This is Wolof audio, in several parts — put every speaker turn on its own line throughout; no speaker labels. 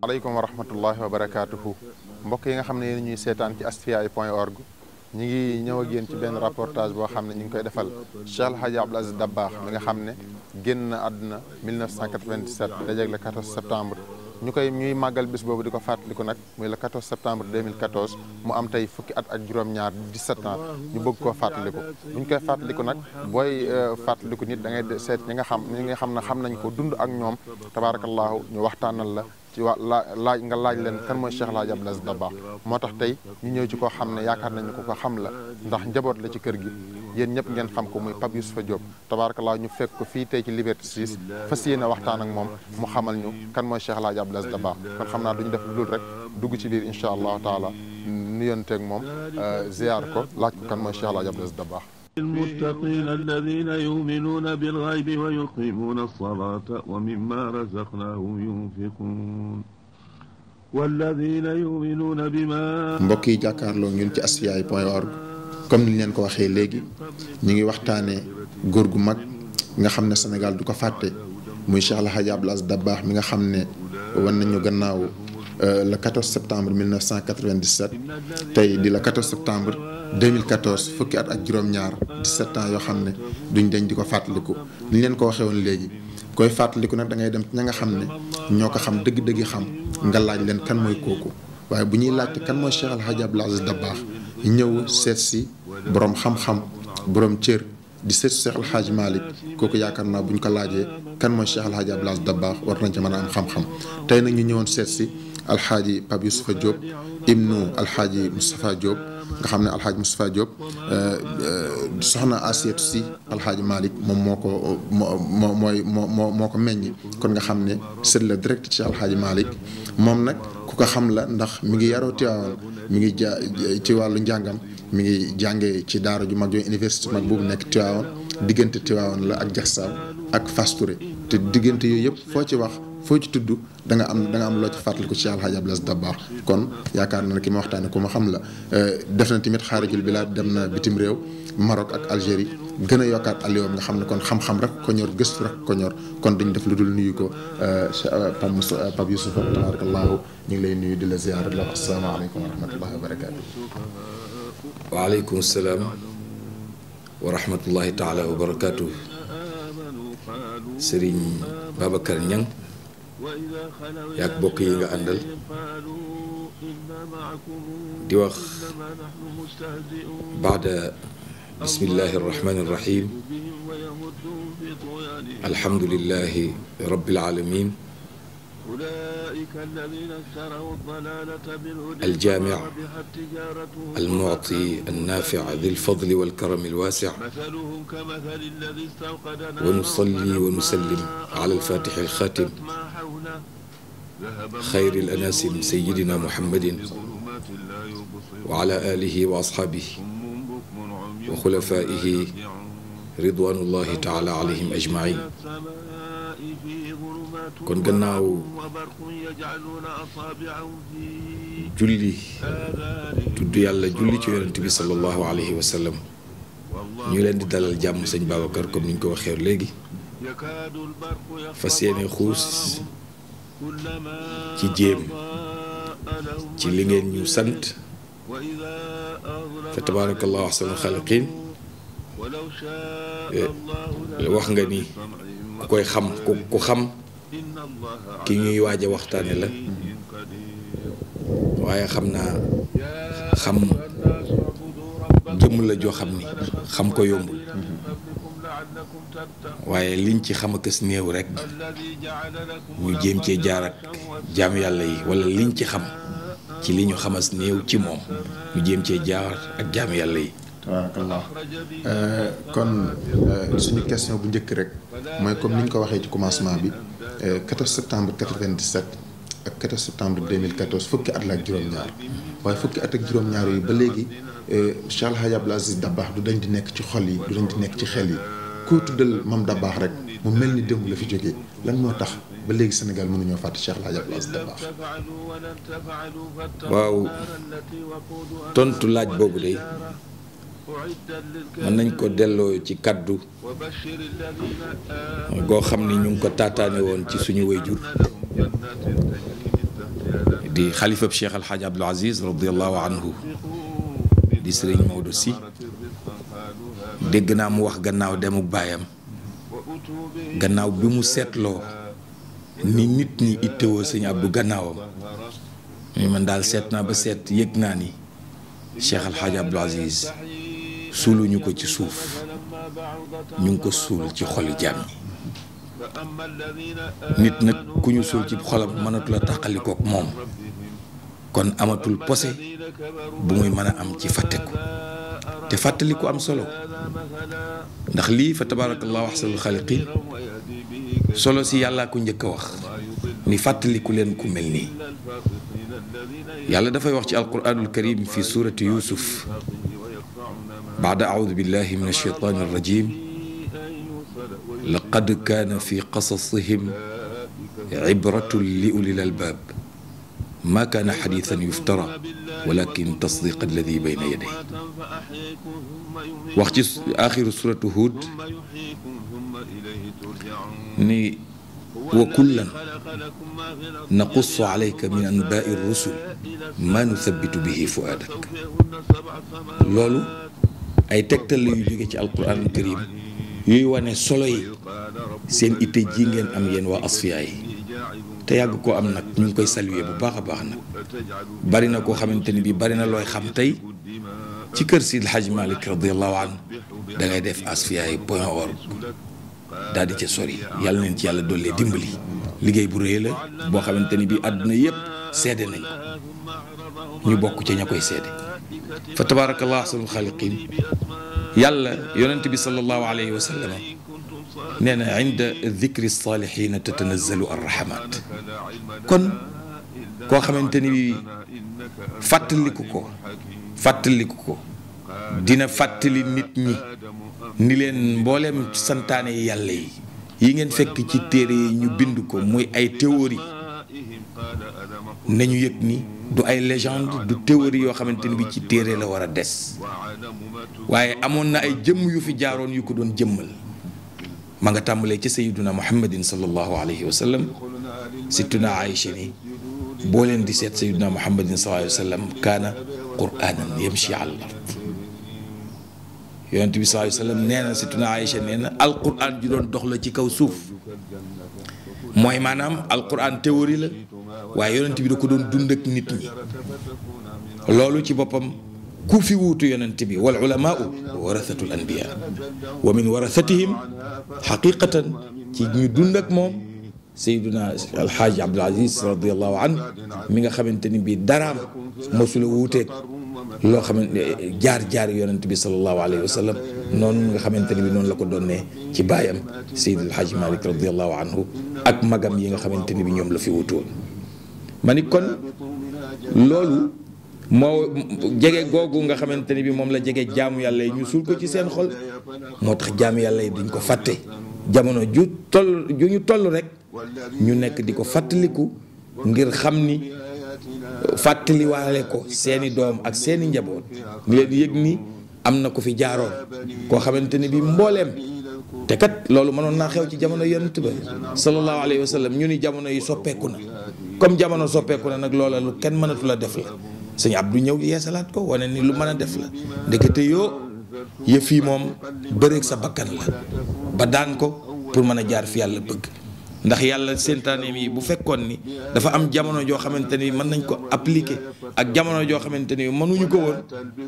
aleykum wa rahmatullahi wa barakaatuhu mbokk yi nga xam ne yéen ñuy seetaan ci asfiyahi point org ñi ngi ñëw ak ci benn reportage boo xam ne ñu ngi koy defal Cheikh El Hadj Abdoul Aziz Dabakh mi nga xam ne génn na àdduna 1997 dajeeg le 14 septembre ñu koy ñuy màggal bis boobu di ko fàttaliku nag muy le 14 septembre 2014 mu am tey fukki at ak juróom-ñaar 17 ans ñu bëgg koo fàttaliku bu ñu koy fàttaliku nag booy euh, fàttaliku nit da ngay seet ñi nga xam ñi nga xam ne xam nañ ko dund ak ñoom tabaarakallaahu ñu waxtaanal la ci waa laaj nga laaj leen kan mooy Cheikh El Hadj Abdoul Aziz Dabakh moo tax tey ñu ñëw ci ko xam ne yaakaar nañu ko ko xam la ndax jaboot la ci kër gi yéen ñëpp ngeen xam ko muy Pape Youssoufa Diop tabaarakallaa ñu fekk ko fii tey ci Liberté 6 fas yéene waxtaan ak moom mu xamal ñu kan mooy Cheikh El Hadj Abdoul Aziz kon xam naa duñu def lu rek dugg ci biir incha allahu taala nuyonteeg moom euh, ziar ko laaj ko kan mooy Cheikh El Hadj Abdoul Aziz Dabakh للمتقين الذين يؤمنون بالغيب ويقيمون الصلاة ومما رزقناهم ينفقون والذين يؤمنون بما mbokk yi jàkkaarloo ñun ci asfiyahi point org comme ni leen ko waxee léegi ñu ngi waxtaanee góor gu mag nga xam ne Sénégal du ko fàtte muy Cheikh El Hadj Abdoul Aziz Dabakh mi nga xam ne wan nañu gannaaw Euh, le 14 septembre 1997 tey di le 14 septembre 2014 fukki at ak juróom-ñaar 17 ans yoo xam ne duñ deñ di ko fàttaliku ni ñu leen ko waxee woon léegi koy fàttaliku nag da ngay dem ci ña nga xam ne ñoo ko xam dëgg-dëgg xam nga laaj leen kenn mooy kooku waaye bu ñuy laajte kenn mooy seexal Al Hadj Abdoul Aziz Dabakh ñëw si borom xam borom cër di seet si Cheikh Al kooku yaakaar naa bu ko laajee kan mooy Cheikh Al Hadj Abdoul Aziz war nañ ci mën a am xam-xam tey na ñu ñëwoon seet si. alxaaji Pape Youssoupha Diop ibnu alxaaji Moustapha Diop nga xam ne alxaaji Moustapha Diop euh, soxna Asiyetu si alxaaji Malick moom moo ko moo mooy moo moo ko meññ kon nga xam ne sët la direct ci alxaaji Malick moom nag ku ko xam la ndax mi ngi yaroo Tiwaawan mi ngi ja ci wàllu njàngam mi ngi jàngee ci daara ju mag yooyu université mag boobu nekk Tiwaawan diggante Tiwaawan la ak Jaxsaaw ak Fass te diggante yooyu yëpp foo ci wax foo ci tudd da nga am da nga am loo ci fàttaliku ci Alxaaji Ablaas Dabaax kon yaakaar na ki ma waxtaane ku ma xam la eh, def na tamit bi bilaad dem na bitim réew Maroc ak Algérie gën a yokkaat alioom nga xam ne kon xam-xam rek ko ñor gëstu rek ko kon dañ def lu dul nuyu ko eh, eh, Pape Moussa Pape Youssouf tabarakallahu ñu ngi lay nuyu di la ziyaar la asalaamaaleykum wa rahmatullahi wa barakaatu waaleykum
salaam wa rahmatullahi taala wa barakaatu Serigne Babacar Niang yaag bokk yi nga àndal di wax baada bismillahi arrahmani irrahim alhamdulilahi rabbil alamin الجامع المعطي النافع ذي الفضل والكرم الواسع ونصلي ونسلم على الفاتح الخاتم xayri lanaasim sayidina muhammadin wa ala alihi wa asxaabihi wa xulafaaihi ridwanullahi taala alayhim ajmain kon gannaaw julli tudd yàlla julli ci yonent bi sallallahu alayhi wa sallam ñu leen di dalal jàmm sëñ Babacar comme ni ñu ko waxee léegi fas yéene xuus ci jéem ci li ngeen ñu sant fa tabarakallahu eh, wax nga ni ku koy xam ku xam ki ñuy waaj waxtaane la waaye xam naa xam jëmm la joo xam ni xam ko yombul waaye liñ ci xam a néew rek ñu jéem cee jaar ak jaam yàlla yi wala liñ ci xam ci li ñu xamas néew ci moom ñu jéem cee jaar ak jaam yàlla yi.
tabarakallah euh, kon euh, suñu question bu njëkk rek mooy comme ni ñu ko waxee ci commencement bi 14 euh, septembre 97 ak 14 septembre 2014 fukki at la ak juróom-ñaar waaye fukki at ak juróom-ñaar yi ba léegi Cheikh El Hadj Abdoul du dañ di nekk ci xol yi du dañ di nekk ci xel yi. koo tuddal Mame Dabakh rek mu mel ni démb la fi jógee lan moo tax ba léegi senegal mënuñoo fàtte Cheikh El Hadj Abdou Aziz Dabakh
waaw tontu laaj boobu de mën nañ ko delloo ci kaddu goo xam ni ñu ngi ko taataane woon ci suñu wayjur di xalifab Cheikh El Hadj Abdou Aziz radiyallahu anhu di sëriñ Maodo Sy dégg naa mu wax gannaaw demuk baayam gannaaw bi mu seetloo ni nit ñi ittewoo sëñ Abdou gannaawam ñu man daal seet naa ba seet yëg naa ni Cheikh Al Hadj Abdou Aziz suuluñu ko ci suuf ñu ngi ko suul ci xoli jaam ñi nit nag ku ñu suul ci xolam mënatula a moom kon amatul posé bu muy mën a am ci fàtteku te fàttali ku am solo ndax lii fa tabaarakallaahu ahsanul xaaliqiin solo si yàllaa ko njëkk a wax ni fàttaliku leen ku mel nii yàlla dafay wax ci alquraanul karim fi suurati yuusuf baada audu billahi min alsheytaani alrajim laqad kaana fi qasasihim ibratun li ulil albaab maa kaana xadiisan yuftara walakin tasdiq alladi bayna yaday wax ci axiru suratu hud ni wa kullan naqusu alayka min anbaai rusul ma nuthabitu bihi fuaadak loolu ay tegtal la yu jóge ci alquran karim yooyu wane solo yi seen itte ji ngeen am yéen waa asfiya yi te yàgg koo am nag ñu ngi koy saluer bu baax a baax nag bari na koo xamante ni bii bari na looy xam tey ci kër Seydi El xaj Malick radiyallahu anhu da ngay def asfiyahi point org daal di ca sori yàlla neen ci yàlla dolli dimbali liggéey bu rëy la boo xamante ni bii àdduna yëpp seede nañ ñu bokk ca ña koy seede fa tabaarakallah ahsanul xaaliqiin yàlla yonent bi sallallahu alayhi wa sallam nee na inda dikri saalihiina tatanazzalu arrahamaat kon koo xamante ni bii fàttaliku ko fàttaliku ko dina fàttali nit ñi ni leen mbooleem santaane yàlla yi yi ngeen fekk ci téere yi ñu bind ko muy ay théorie nañu yëg ni du ay légende du théorie yoo xamante ni bi ci téere la war a des waaye amoon na ay jëmm yu fi jaaroon yu ko doon jëmmal ma nga tàmbalee ci sayyiduna muhammadin sallallahu alayhi wa sallam sittuna Aïcha ni boo leen di seet sayyiduna muhammadin sallallahu alayhi wa sallam kaana quraanan yamshi ala al-ard yonent bi sallallahu alayhi wa sallam nee na sittuna Aïcha nee na alquran ju doon dox la ci kaw suuf mooy maanaam alquran théorie la waaye yonent bi da ko doon dund ak nit ñi loolu ci boppam ku fi wuutu yonent bi wal ulamaau warasatul anbiya wa min warasatihim xaqiqatan ci ñu dund ak moom Seydina Alxaaji Abdul Aziz radiyallahu mi nga xamante ni bii daraam mosula wuuteeg loo xamante jaar jaar yonent bi sallallahu alayhi wa sallam noonu nga xamante ni bi noonu la ko doonee ci baayam Seydi Alxaaji Malik radiyallahu anhu ak magam yi nga xamante ni bi ñoom la fi wutu woon ni kon loolu moo jege googu nga xamante ni bi moom la jege jaamu yàlla yi ñu suul ko ci seen xol moo tax jaamu yàlla yi duñ ko fàtte jamono ju ñu toll rek ñu nekk di ko fàttaliku ngir xam ni fàttaliwaale ko seeni doom ak seeni njaboot di yëg ni am na ko fi jaaroon koo xamante ni bi mbooleem te kat loolu mënoon naa xew ci jamono yonent ba sa alayhi wa ñu ni jamono yi soppeeku comme jamono soppeeku na nag loola kenn mënatu la def la sëñ Abdou ñëw yeesalaat ko wane ni lu mën a def la ndekete yoo yëf yi moom bëreeg sa bakkan la ba daan ko pour mën a jaar fi yàlla bëgg ndax yàlla séntaaneem yi bu fekkoon ni dafa am jamono joo xamante ni mën nañ ko appliquer ak jamono joo xamante ni mënuñu ko woon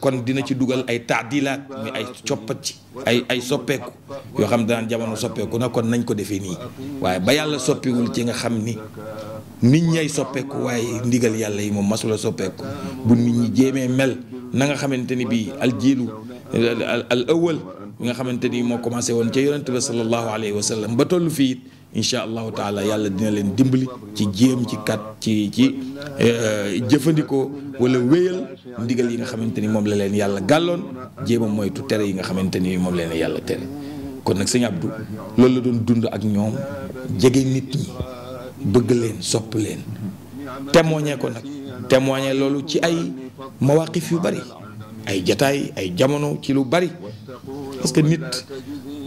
kon dina ci dugal ay taadilaat muy ay coppat ci ay ay soppeeku yoo xam danaan jamono soppeeku na kon nañ ko defee nii waaye ba yàlla soppiwul ci nga xam ni nit ñay soppeeku waaye ndigal yàlla yi moom masula soppeeku bu nit ñi jéemee mel na nga xamante ni bii al jiilu al awal bi nga xamante ni moo commencé woon ca yonent bi sallallahu alayhi wa sallam ba tollu fii incha allahu taala yàlla dina leen dimbali ci jéem ci kat ci ci eh, jëfandikoo wala wéyal ndigal yi nga xamante ni moom la leen yàlla gàlloon jéem a moytu tere yi nga xamante ni moom la leen yàlla tere kon nag sëñ Abdou loolu la doon dund ak ñoom jege nit ñi bëgg leen sopp leen témoigner ko nag témoigner loolu ci ay mawaqif yu bari ay jataay ay jamono ci lu bari parce nit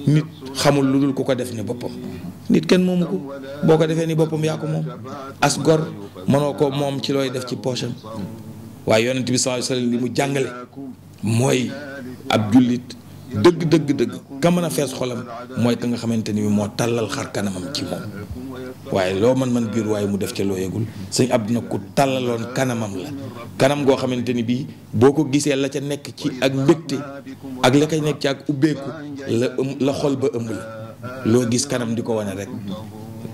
nit xamul lu dul ku ko def ni boppam nit kenn moomu ko boo ko defee ni boppam yaa ko moom as gor mënoo ko moom ci looy def ci poosam waaye yonent bi sallallahu alayhi wasallam li mu jàngale mooy ab jullit dëgg dëgg dëgg ka mën a fees xolam mooy ka nga xamante ni bi moo tàllal xar kanamam ci moom waaye loo man man biir waaye mu def ca loo yëgul sëñ Abdu ku tàllaloon kanamam la kanam goo xamante ni bii boo ko gisee la ca nekk ci ak mbégte ak la koy nekk ci ak ubbeeku la la xol ba ëmb la loo gis kanam di ko wane rek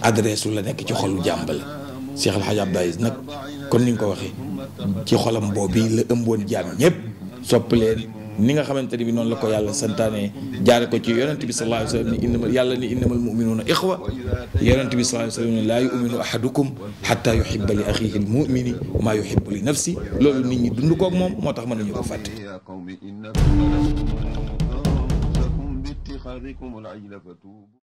adresse la nekk ci xolu jàmb la Cheikh El ab Abdoulaye nag kon ni nga ko waxee ci xolam boobu la ëmboon jaam ñëpp sopp leen ni nga xamante ni bi noonu la ko yàlla santaane jaare ko ci yonent bi sallallahu alayhi wa sallam ni innama yàlla ni innamal muminuuna ixwa yonent bi sallallahu alayhi wa sallam ne laa yuminu ahadukum xatta yuhibba li axihi al mumini maa yuhibbu li nafsi loolu nit ñi dund koog moom moo tax mën nañu ko fàtte قوم إنكم لستم
أنفسكم باتخاذكم العجل فتوبوا